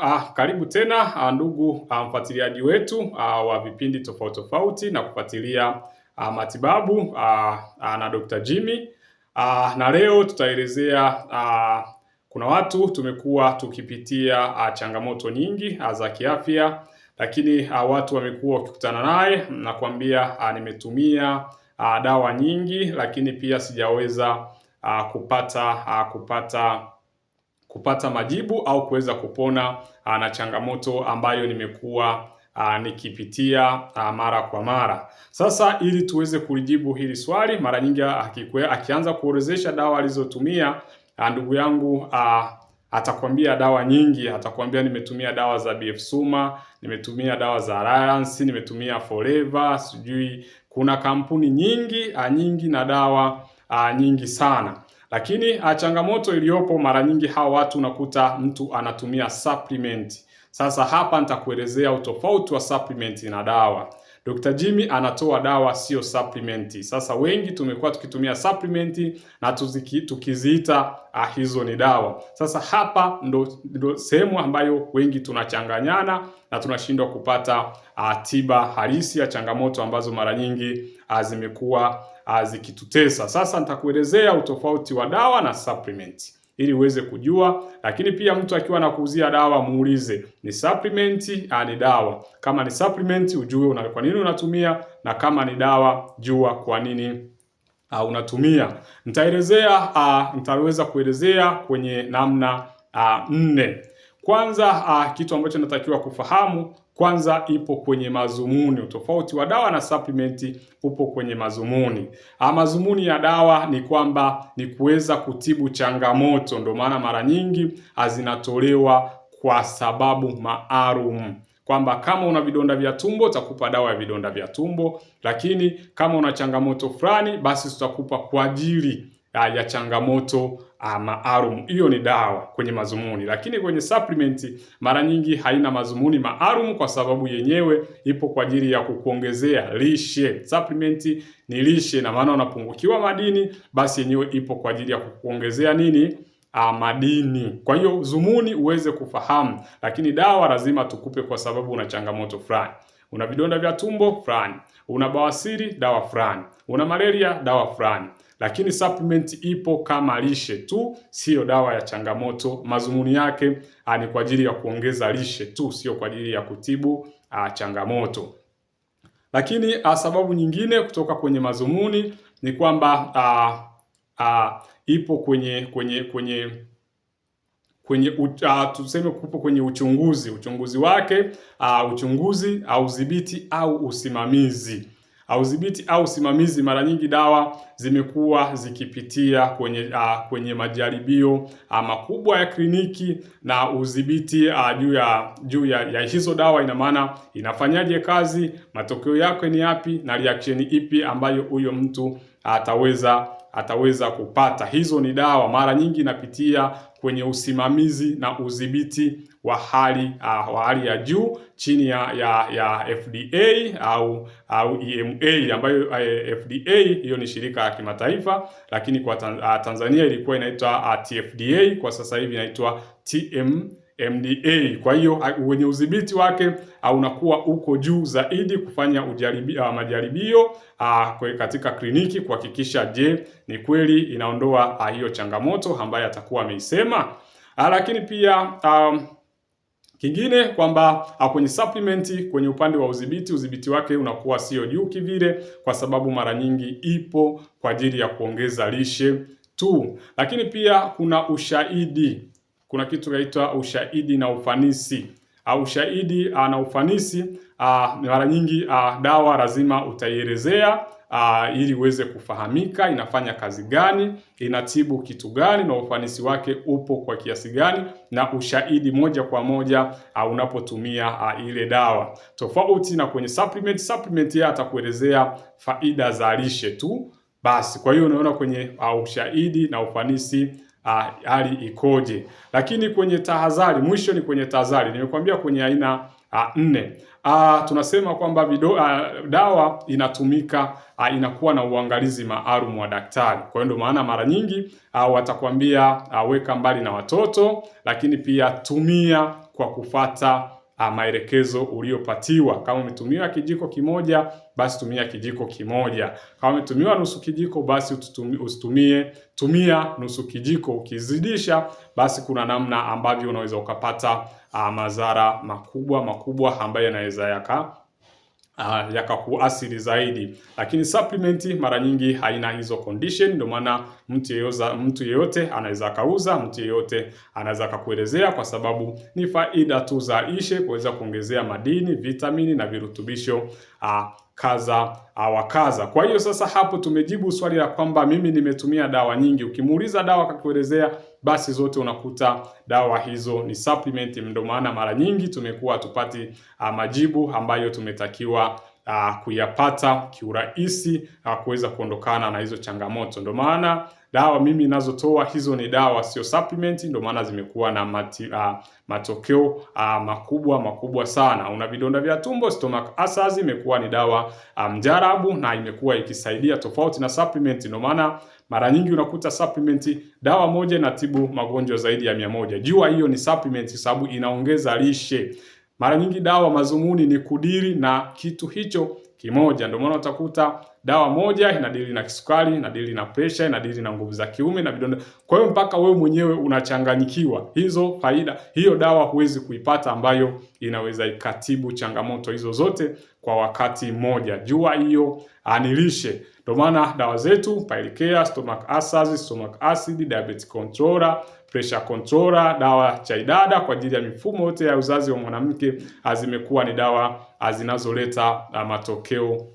Ah, karibu tena ah, ndugu ah, mfuatiliaji wetu ah, wa vipindi tofauti tofauti na kufuatilia ah, matibabu ah, ah, na Dr. Jimmy ah, na leo tutaelezea ah, kuna watu tumekuwa tukipitia ah, changamoto nyingi ah, za kiafya, lakini ah, watu wamekuwa wakikutana naye na kuambia ah, nimetumia ah, dawa nyingi, lakini pia sijaweza ah, kupata ah, kupata kupata majibu au kuweza kupona uh, na changamoto ambayo nimekuwa uh, nikipitia uh, mara kwa mara. Sasa ili tuweze kulijibu hili swali, mara nyingi akianza kuorezesha dawa alizotumia ndugu yangu uh, atakwambia dawa nyingi, atakwambia nimetumia dawa za BF Suma, nimetumia dawa za Alliance, nimetumia Forever, sijui kuna kampuni nyingi nyingi na dawa a nyingi sana. Lakini ah, changamoto iliyopo mara nyingi hawa watu unakuta mtu anatumia supplement. Sasa hapa nitakuelezea utofauti wa supplement na dawa. Dr. Jimmy anatoa dawa sio supplement. Sasa wengi tumekuwa tukitumia supplement na tuziki, tukiziita ah, hizo ni dawa. Sasa hapa ndo, ndo sehemu ambayo wengi tunachanganyana na tunashindwa kupata ah, tiba halisi ya changamoto ambazo mara nyingi ah, zimekuwa zikitutesa. Sasa nitakuelezea utofauti wa dawa na supplement ili uweze kujua, lakini pia mtu akiwa anakuuzia dawa muulize ni supplement ni dawa. Kama ni supplement ujue una, kwa nini unatumia na kama ni dawa jua kwa nini uh, unatumia. Nitaelezea uh, nitaweza kuelezea kwenye namna uh, nne. Kwanza uh, kitu ambacho natakiwa kufahamu kwanza ipo kwenye mazumuni. Utofauti wa dawa na supplement upo kwenye mazumuni. A, ah, mazumuni ya dawa ni kwamba ni kuweza kutibu changamoto, ndio maana mara nyingi ah, zinatolewa kwa sababu maalum kwamba kama una vidonda vya tumbo utakupa dawa ya vidonda vya tumbo, lakini kama una changamoto fulani, basi tutakupa kwa ajili ah, ya changamoto Ah, maalum. Hiyo ni dawa kwenye mazumuni, lakini kwenye supplement mara nyingi haina mazumuni maalum, kwa sababu yenyewe ipo kwa ajili ya kukuongezea lishe. Supplement ni lishe, na maana unapungukiwa madini, basi yenyewe ipo kwa ajili ya kukuongezea nini? A, ah, madini. Kwa hiyo zumuni uweze kufahamu, lakini dawa lazima tukupe kwa sababu una changamoto fulani una vidonda vya tumbo fulani, una bawasiri dawa fulani, una malaria dawa fulani lakini supplement ipo kama lishe tu, siyo dawa ya changamoto. mazumuni yake ah, ni kwa ajili ya kuongeza lishe tu, sio kwa ajili ya kutibu a, ah, changamoto. Lakini a, ah, sababu nyingine kutoka kwenye mazumuni ni kwamba a, a, ipo kwenye kwenye kwenye kwenye uh, tuseme kupo kwenye uchunguzi. Uchunguzi wake uh, uchunguzi au uh, udhibiti au uh, usimamizi. Udhibiti au usimamizi, mara nyingi dawa zimekuwa zikipitia kwenye a, ah, kwenye majaribio ah, makubwa ya kliniki na udhibiti ah, juu ya juu ya, ya hizo dawa, ina maana inafanyaje kazi, matokeo yake ni yapi na reaction ipi ambayo huyo mtu ataweza ataweza kupata. Hizo ni dawa mara nyingi inapitia kwenye usimamizi na udhibiti wa hali uh, wa hali ya juu chini ya, ya, ya FDA au au EMA ambayo uh, eh, FDA hiyo ni shirika la kimataifa, lakini kwa ah, Tanzania ilikuwa inaitwa uh, ah, TFDA, kwa sasa hivi inaitwa TM MDA. Kwa hiyo wenye udhibiti wake unakuwa uko juu zaidi, kufanya ujaribi, uh, majaribio uh, katika kliniki kuhakikisha, je, ni kweli inaondoa uh, hiyo changamoto ambayo atakuwa ameisema. Uh, lakini pia um, kingine kwamba kwenye supplement kwenye upande wa udhibiti, udhibiti wake unakuwa sio juu kivile, kwa sababu mara nyingi ipo kwa ajili ya kuongeza lishe tu, lakini pia kuna ushahidi kuna kitu kinaitwa ushahidi na ufanisi. Uh, ah, ushahidi uh, ah, na ufanisi uh, mara nyingi uh, dawa lazima utaielezea Uh, ili uweze kufahamika, inafanya kazi gani, inatibu kitu gani, na ufanisi wake upo kwa kiasi gani, na ushahidi moja kwa moja uh, unapotumia uh, ile dawa, tofauti na kwenye supplement. Supplement yeye atakuelezea faida za lishe tu basi. Kwa hiyo unaona kwenye uh, ushahidi na ufanisi hali ah, hali ikoje. Lakini kwenye tahadhari, mwisho ni kwenye tahadhari, nimekuambia kwenye aina uh, nne. uh, tunasema kwamba uh, dawa inatumika uh, inakuwa na uangalizi maalum wa daktari. Kwa hiyo ndio maana mara nyingi uh, watakwambia uh, weka mbali na watoto, lakini pia tumia kwa kufata maelekezo uliyopatiwa. Kama umetumiwa kijiko kimoja, basi tumia kijiko kimoja. Kama umetumiwa nusu kijiko, basi usitumie, tumia nusu kijiko. Ukizidisha, basi kuna namna ambavyo unaweza ukapata ah, madhara makubwa makubwa ambayo yanaweza yaka uh, zaidi, lakini supplement mara nyingi haina hizo condition. Ndio maana mtu yeyote mtu yeyote anaweza kauza, mtu yeyote anaweza akakuelezea, kwa sababu ni faida tu za lishe kuweza kuongezea madini, vitamini na virutubisho a, kaza awakaza. Kwa hiyo sasa hapo tumejibu swali la kwamba mimi nimetumia dawa nyingi. Ukimuuliza dawa akakuelezea, basi zote unakuta dawa hizo ni supplement. Ndio maana mara nyingi tumekuwa tupati ah, majibu ambayo tumetakiwa uh, kuyapata kiurahisi uh, kuweza kuondokana na hizo changamoto. Ndio maana dawa mimi ninazotoa hizo ni dawa, sio supplement. Ndio maana zimekuwa na mati, uh, matokeo uh, makubwa makubwa sana. Una vidonda vya tumbo, stomach ulcers, imekuwa ni dawa uh, mjarabu um, na imekuwa ikisaidia tofauti na supplement. Ndio maana mara nyingi unakuta supplement dawa moja inatibu magonjwa zaidi ya mia moja. Jua hiyo ni supplement, sababu inaongeza lishe. Mara nyingi dawa mazumuni ni kudiri na kitu hicho kimoja. Ndio maana utakuta dawa moja inadili na kisukari, inadili na presha, inadili na nguvu za kiume na vidonda. Kwa hiyo mpaka wewe mwenyewe unachanganyikiwa. Hizo faida, hiyo dawa huwezi kuipata ambayo inaweza ikatibu changamoto hizo zote kwa wakati mmoja. Jua hiyo anilishe. Ndio maana dawa zetu Pailikea, stomach acids, stomach acid, diabetes controller pressure controller, dawa chaidada kwa ajili ya mifumo yote ya uzazi wa mwanamke ah, zimekuwa ni dawa ah, zinazoleta ah, matokeo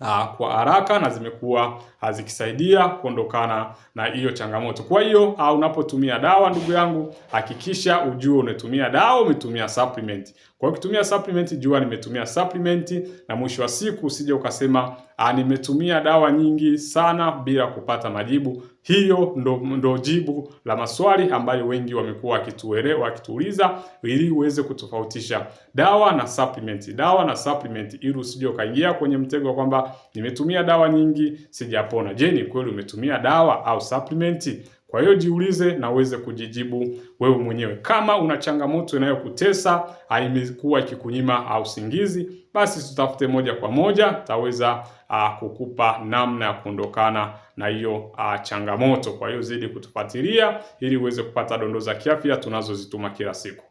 Aa, kwa haraka na zimekuwa zikisaidia kuondokana na hiyo changamoto. Kwa hiyo unapotumia dawa, ndugu yangu, hakikisha ujue unatumia dawa, umetumia supplement. Kwa ukitumia supplement, jua nimetumia supplement, na mwisho wa siku usije ukasema nimetumia dawa nyingi sana bila kupata majibu. Hiyo ndo, ndo jibu la maswali ambayo wengi wamekuwa wakituuliza ili uweze kutofautisha dawa na supplement, dawa na supplement, ili usije ukaingia kwenye mtego kwamba nimetumia dawa nyingi sijapona. Je, ni kweli umetumia dawa au supplement? Kwa hiyo jiulize na uweze kujijibu wewe mwenyewe. Kama una changamoto inayokutesa imekuwa ikikunyima au usingizi, basi tutafute moja kwa moja, taweza uh, ah, kukupa namna ya kuondokana na hiyo uh, changamoto. Kwa hiyo zidi kutufuatilia ili uweze kupata dondoo za kiafya tunazozituma kila siku.